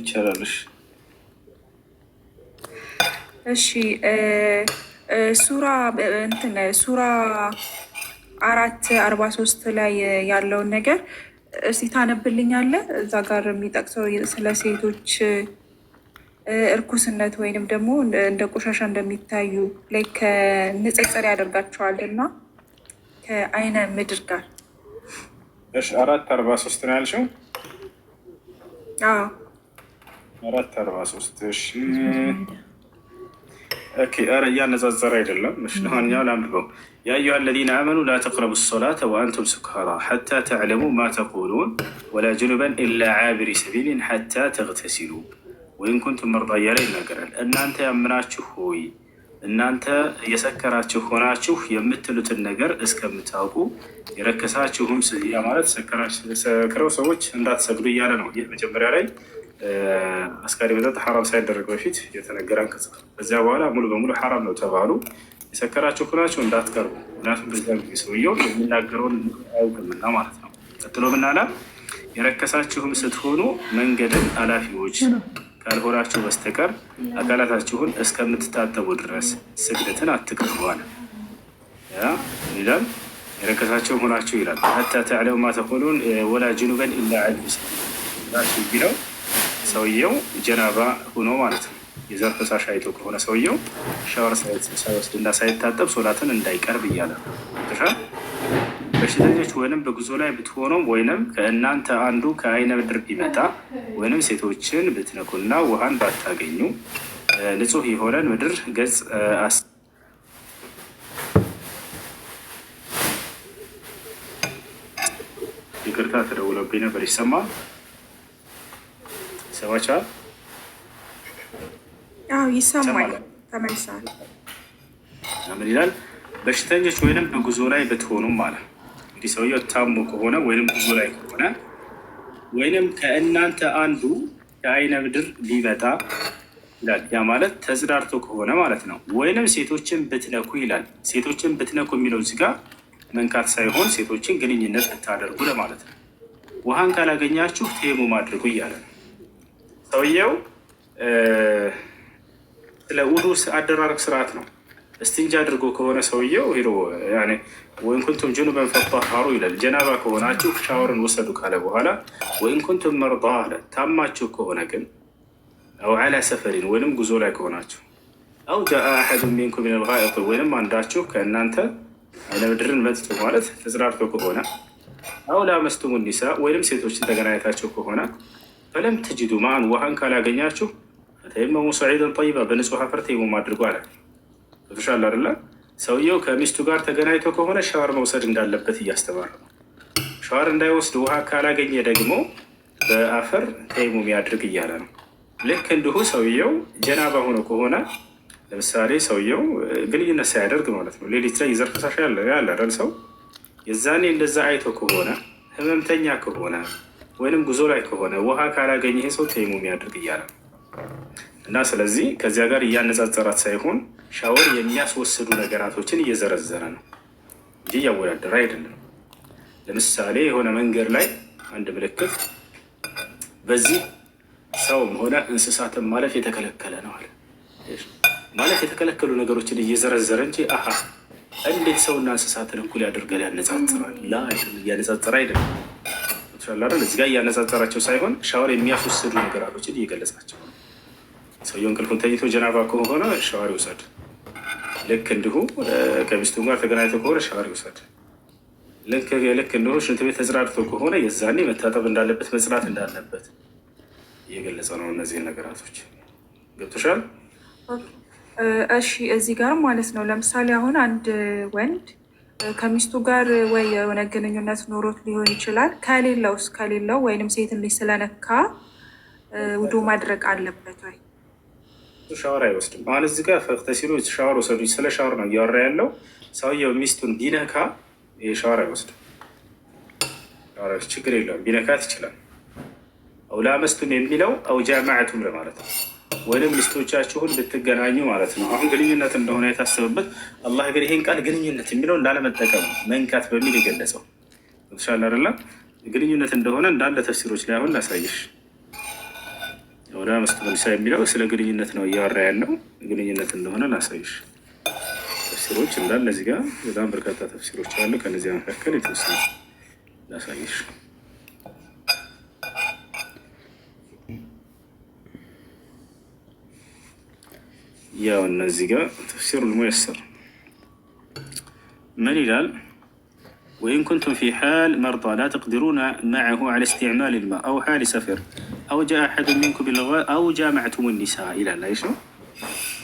ይቻላልሽ። እሺ ሱራ እንትን ሱራ አራት አርባ ሶስት ላይ ያለውን ነገር እስቲ ታነብልኛለህ? እዛ ጋር የሚጠቅሰው ስለ ሴቶች እርኩስነት ወይንም ደግሞ እንደ ቆሻሻ እንደሚታዩ ላይ ከንጽጽር ያደርጋቸዋል እና ከአይነ ምድር ጋር አራት አርባ ሶስት ነው ያልሽው? አራት አርባ ሶስት እሺ። ኦኬ ኧረ እያነጻጸረ አይደለም። እሺ ለማንኛውም ላንብበው። ያ አዩሃ አለዚነ አመኑ ላ ተቅረቡ ሰላተ ወአንቱም ስካራ ሐታ ተዕለሙ ማ ተቁሉን ወላ ጅኑበን ኢላ ዓብሪ ሰቢልን ሐታ ተግተሲሉ ወይን ኩንቱም መርዳ እያለ ይናገራል። እናንተ ያምናችሁ ሆይ እናንተ የሰከራችሁ ሆናችሁ የምትሉትን ነገር እስከምታውቁ የረከሳችሁም ማለት ሰክረው ሰዎች እንዳትሰግዱ እያለ ነው። ይህ መጀመሪያ ላይ አስካሪ መጠጥ ሐራም ሳይደረግ በፊት የተነገረ አንቀጽ በዚያ በኋላ ሙሉ በሙሉ ሐራም ነው ተባሉ። የሰከራችሁ ሆናችሁ እንዳትቀርቡ፣ ምክንያቱም በዚያ ጊዜ ሰውየው የሚናገረውን አያውቅምና ማለት ነው። ቀጥሎ ምናላ የረከሳችሁም ስትሆኑ መንገድን አላፊዎች ካልሆናችሁ በስተቀር አካላታችሁን እስከምትታጠቡ ድረስ ስግደትን አትቅርቧል ይላል። የረከሳቸው ሆናችሁ ይላል ሀታ ተዕለው ማተኮሉን ወላ ጅኑበን ኢላ ቢለው ሰውየው ጀናባ ሆኖ ማለት ነው። የዘር ፈሳሽ አይቶ ከሆነ ሰውየው ሻወር ሳይወስድ እና ሳይታጠብ ሶላትን እንዳይቀርብ እያለ ነው። በሽተኞች ወይንም በጉዞ ላይ ብትሆኑ ወይንም ከእናንተ አንዱ ከአይነ ምድር ቢመጣ ወይንም ሴቶችን ብትነኩና ውሃን ባታገኙ ንጹህ የሆነን ምድር ገጽ ይቅርታ ተደውሎብኝ ነበር ይሰማል። ይሰማችኋል? ይሰማል። ምን ይላል? በሽተኞች ወይንም በጉዞ ላይ ብትሆኑም አለ እንግዲህ ሰውየው ታሞ ከሆነ ወይንም ጉዞ ላይ ከሆነ ወይንም ከእናንተ አንዱ ከአይነ ምድር ሊመጣ ይላል። ያ ማለት ተጽዳርቶ ከሆነ ማለት ነው። ወይንም ሴቶችን ብትነኩ ይላል። ሴቶችን ብትነኩ የሚለው መንካት ሳይሆን ሴቶችን ግንኙነት ብታደርጉ ለማለት ነው። ውሃን ካላገኛችሁ እያለ ነው። ሰውየው ስለ ውዱ አደራረግ ስርዓት ነው። እስቲንጅ አድርጎ ከሆነ ሰውየው ሄዶ ወኢንኩንቱም ጅኑበን ፈጣሃሩ ይላል። ጀናባ ከሆናችሁ ሻወርን ወሰዱ ካለ በኋላ ወኢንኩንቱም መርዳ አለ። ታማችሁ ከሆነ ግን አው አላ ሰፈሪን ወይንም ጉዞ ላይ ከሆናችሁ አው ጃአ አሐዱ ሚንኩም ሚነል ጋኢጥ ወይንም አንዳችሁ ከእናንተ አይለምድርን መጥቶ ማለት ተዝራርቶ ከሆነ አው ላመስቱሙ ኒሳ ወይንም ሴቶችን ተገናኝታችሁ ከሆነ ፈለም ትጅዱ ማን ውሃን ካላገኛችሁ ተይመሙ ሰዒደን ጠይባ በንጹህ አፈር ተይሞም አድርጎ አለ። ሻል አደለ ሰውየው ከሚስቱ ጋር ተገናኝቶ ከሆነ ሻወር መውሰድ እንዳለበት እያስተማረ ነው። ሻወር እንዳይወስድ ውሃ ካላገኘ ደግሞ በአፈር ተይሙም ያድርግ እያለ ነው። ልክ እንዲሁ ሰውየው ጀናባ ሆኖ ከሆነ ለምሳሌ ሰውየው ግንኙነት ሳያደርግ ማለት ነው፣ ሌሊት ላይ የዘር ፈሳሽ ያለ ሰው የዛኔ እንደዛ አይቶ ከሆነ ህመምተኛ ከሆነ ወይንም ጉዞ ላይ ከሆነ ውሃ ካላገኘ ይሄ ሰው ተይሙም ያድርግ እያለ እና ስለዚህ ከዚያ ጋር እያነጻጸራት ሳይሆን ሻወር የሚያስወስዱ ነገራቶችን እየዘረዘረ ነው እንጂ እያወዳደረ አይደለም። ለምሳሌ የሆነ መንገድ ላይ አንድ ምልክት በዚህ ሰውም ሆነ እንስሳትን ማለፍ የተከለከለ ነው አለ። ማለት የተከለከሉ ነገሮችን እየዘረዘረ እንጂ አሀ እንዴት ሰውና እንስሳትን እኩል ያደርጋል ያነጻጽራል? ላ እያነጻጽር አይደለም። ገብቶሻል አይደል? እዚህ ጋር እያነጻጸራቸው ሳይሆን ሻወር የሚያስወስዱ ነገራቶችን እየገለጻቸው ነው። ሰውየው እንቅልፉን ተኝቶ ጀናባ ከሆነ ሻወር ይውሰድ። ልክ እንዲሁ ከሚስቱ ጋር ተገናኝቶ ከሆነ ሻወር ይውሰድ። ልክ ልክ እንዲሁ ሽንት ቤት ተጽዳድቶ ከሆነ የዛኔ መታጠብ እንዳለበት መጽዳት እንዳለበት እየገለጸ ነው። እነዚህን ነገራቶች ገብቶሻል? እሺ እዚህ ጋር ማለት ነው። ለምሳሌ አሁን አንድ ወንድ ከሚስቱ ጋር ወይ የሆነ ግንኙነት ኖሮት ሊሆን ይችላል። ከሌለውስ ከሌለው ወይንም ሴት ልጅ ስለነካ ውዱ ማድረግ አለበት ወይ? ሻወር አይወስድም። አሁን እዚህ ጋር ፈቅተ ሲሉ ሻወር ወሰዱ። ስለ ሻወር ነው እያወራ ያለው። ሰውየው ሚስቱን ቢነካ ሻወር አይወስድም። ችግር የለውም ቢነካት ይችላል። አውላመስቱን የሚለው አውጃማዕቱም ለማለት ነው ወይም ሚስቶቻችሁን ብትገናኙ ማለት ነው። አሁን ግንኙነት እንደሆነ የታሰበበት አላህ ግን ይሄን ቃል ግንኙነት የሚለው እንዳለመጠቀም መንካት በሚል የገለጸው ተሻለ አለ ግንኙነት እንደሆነ እንዳለ ተፍሲሮች ላይ አሁን ላሳይሽ። ወደ መልሳ የሚለው ስለ ግንኙነት ነው እያወራ ያለው ግንኙነት እንደሆነ ላሳይሽ። ተፍሲሮች እንዳለ እዚህ ጋር በጣም በርካታ ተፍሲሮች አሉ። ከነዚያ መካከል የተወሰነ ላሳይሽ። ያው እነዚህ ጋር ተፍሲሩል ሙየሰር ምን ይላል? ወኢን ኩንቱም ፊ ሓል መርዳ ላ ተቅዲሩነ ማዕሁ ዓላ እስትዕማል ልማ አው ሓል ሰፈር አው ጃ አሐዱ ሚንኩም አው ጃማዕቱም ኒሳ ይላል። አይሽ ነው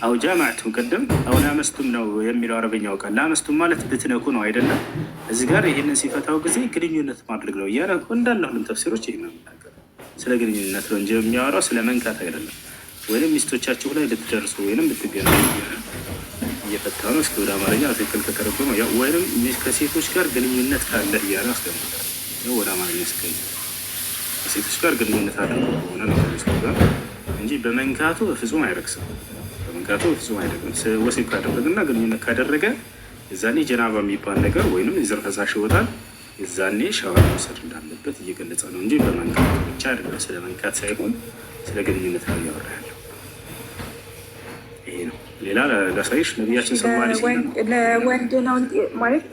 አው ጃማዕቱም ቅድም አው ላመስቱም ነው የሚለው አረበኛው ቃል ላመስቱም ማለት ብትነኩ ነው አይደለም። እዚ ጋር ይህንን ሲፈታው ጊዜ ግንኙነት ማድረግ ነው እያለ እንዳለ ሁሉም ተፍሲሮች ይህ ነው። ስለ ግንኙነት ነው እንጂ የሚያወራው ስለ መንካት አይደለም። ወይም ሚስቶቻቸው ላይ ልትደርሱ ወይም ልትገናኙ እየፈታ ነው። እስኪ ወደ አማርኛ ትክክል ከተረጎመ ወይም ከሴቶች ጋር ግንኙነት ካለ እያለ አስገምታል። ወደ አማርኛ ስቀይ ከሴቶች ጋር ግንኙነት አለ ከሆነ ነው እንጂ በመንካቱ በፍጹም አይረክስም። በመንካቱ በፍጹም አይረግም። ወሲብ ካደረገና ግንኙነት ካደረገ እዛኔ ጀናባ የሚባል ነገር ወይም የዘር ፈሳሽ ይወጣል። የዛኔ ሻወር መውሰድ እንዳለበት እየገለጸ ነው እንጂ በመንካቱ ብቻ አይደለም። ስለ መንካት ሳይሆን ስለ ግንኙነት ነው እያወራ ያለው። ሌላ ለሳይሽ ነቢያችን ለወንድ ነው ማለት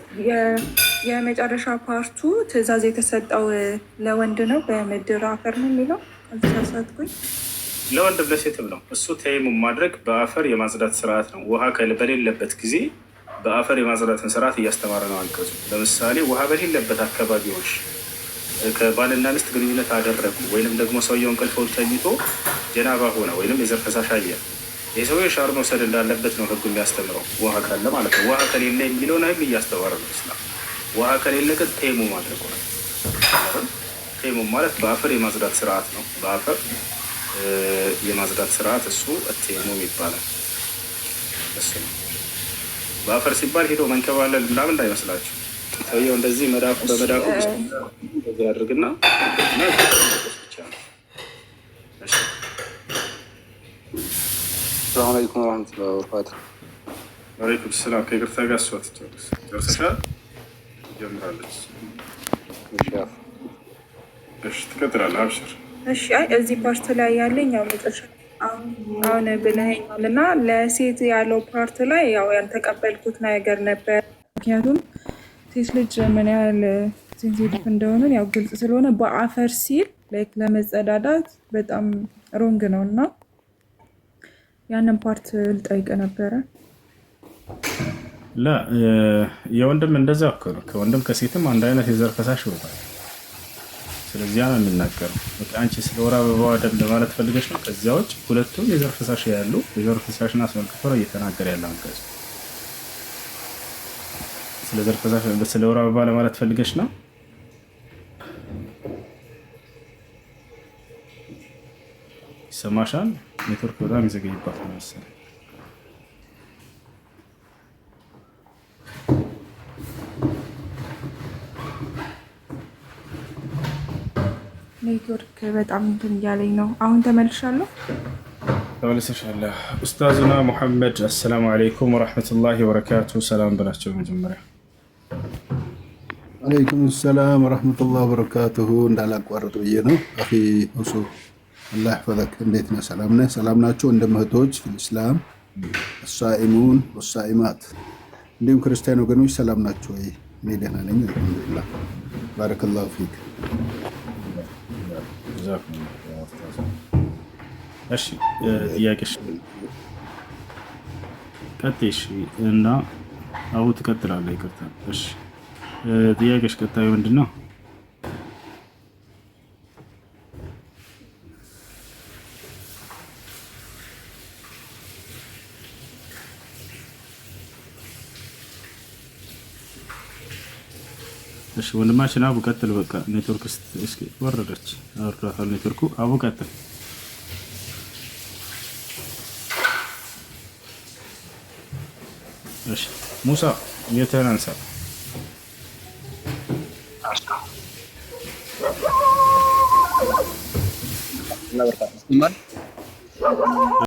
የመጨረሻ ፓርቱ ትዕዛዝ የተሰጠው ለወንድ ነው። በምድር አፈር ነው የሚለው አልተሳሳትኩኝ። ለወንድም ለሴትም ነው። እሱ ተይሙም ማድረግ በአፈር የማጽዳት ስርዓት ነው። ውሃ በሌለበት ጊዜ በአፈር የማጽዳትን ስርዓት እያስተማረ ነው አንቀጹ። ለምሳሌ ውሃ በሌለበት አካባቢዎች ከባልና ሚስት ግንኙነት አደረጉ ወይንም ደግሞ ሰውየው እንቅልፍ ተኝቶ ጀናባ ሆነ ወይንም የዘር ፈሳሽ የሰው የሻር መውሰድ እንዳለበት ነው ህጉ የሚያስተምረው። ውሃ ካለ ማለት ነው። ውሃ ከሌለ የሚለውን ህግ እያስተዋረ ነው ስላ ውሃ ከሌለ ግን ቴሙ ማድረጉ ነው። ቴሙ ማለት በአፈር የማጽዳት ስርዓት ነው። በአፈር የማጽዳት ስርዓት እሱ ቴሙ ይባላል። እሱ ነው በአፈር ሲባል ሄዶ መንከባለል ምናምን እንዳይመስላቸው ሰውየው እንደዚህ መዳፉ በመዳፉ አድርግና ሰላም አለይኩም ወረህመቱላሂ ወበረካቱህ። ወአለይኩም ሰላም። ከይቅርታ ጋር እሷ ትቀጥላለህ። አብሽር። እሺ። አይ እዚህ ፓርት ላይ ያለኝ ያው መጨረሻ አሁን ብለኸኛል እና ለሴት ያለው ፓርት ላይ ያው ያልተቀበልኩት ነገር ነበር። ምክንያቱም ሴት ልጅ ምን ያህል ሴንሲቲቭ ያው ግልጽ ስለሆነ በአፈር ሲል ላይክ ለመጸዳዳት በጣም ሮንግ ነው እና ያንን ፓርት ልጠይቅ ነበረ። ላ የወንድም እንደዛ ነው። ከወንድም ከሴትም አንድ አይነት የዘር ፈሳሽ ይወጣል። ስለዚያ ነው የሚናገረው። በቃ አንቺ ስለ ወር አበባ ደም ለማለት ፈልገች ነው። ከዚያ ውጭ ሁለቱም የዘር ፈሳሽ ያሉ የዘር ፈሳሽን አስመልክቶ ነው እየተናገረ ያለ አንቀጽ። ስለ ዘር ፈሳሽ ስለ ወር አበባ ለማለት ፈልገች ነው። ይሰማሻል? ኔትወርክ በጣም ይዘገይባታል መሰለኝ። ኔትወርክ በጣም እንትን እያለኝ ነው። አሁን ተመልሻለሁ። ተመልሰሻለ። ኡስታዝና ሙሐመድ አሰላሙ አለይኩም ወረሕመቱላሂ ወበረካቱ። ሰላም ብላቸው መጀመሪያ። አለይኩም ሰላም ወረሕመቱላሂ ወበረካቱሁ። እንዳላቋረጥ ብዬ ነው አኺ እሱ አላህ ፈለክ እንዴት ነህ? ሰላም ነህ? ሰላም ናቸው እንደምህቶች ፊልስላም ሳኢሙን ወሳኢማት እንዲሁም ክርስቲያን ወገኖች ሰላም ናቸው ወይ? እኔ ደህና ነኝ አልሐምዱሊላህ። ባረከላሁ ፊክ። እሺ ጥያቄሽ ቀጥሽ እና አቡ ትቀጥላለህ። ይቅርታ። እሺ ጥያቄሽ ቀጣዩ ምንድን ነው? እሺ ወንድማችን አቡ ቀጥል። በቃ ኔትወርክ እስኪ ወረደች አወርዷታል ኔትወርኩ። አቡ ቀጥል። እሺ ሙሳ የተህን አንሳ።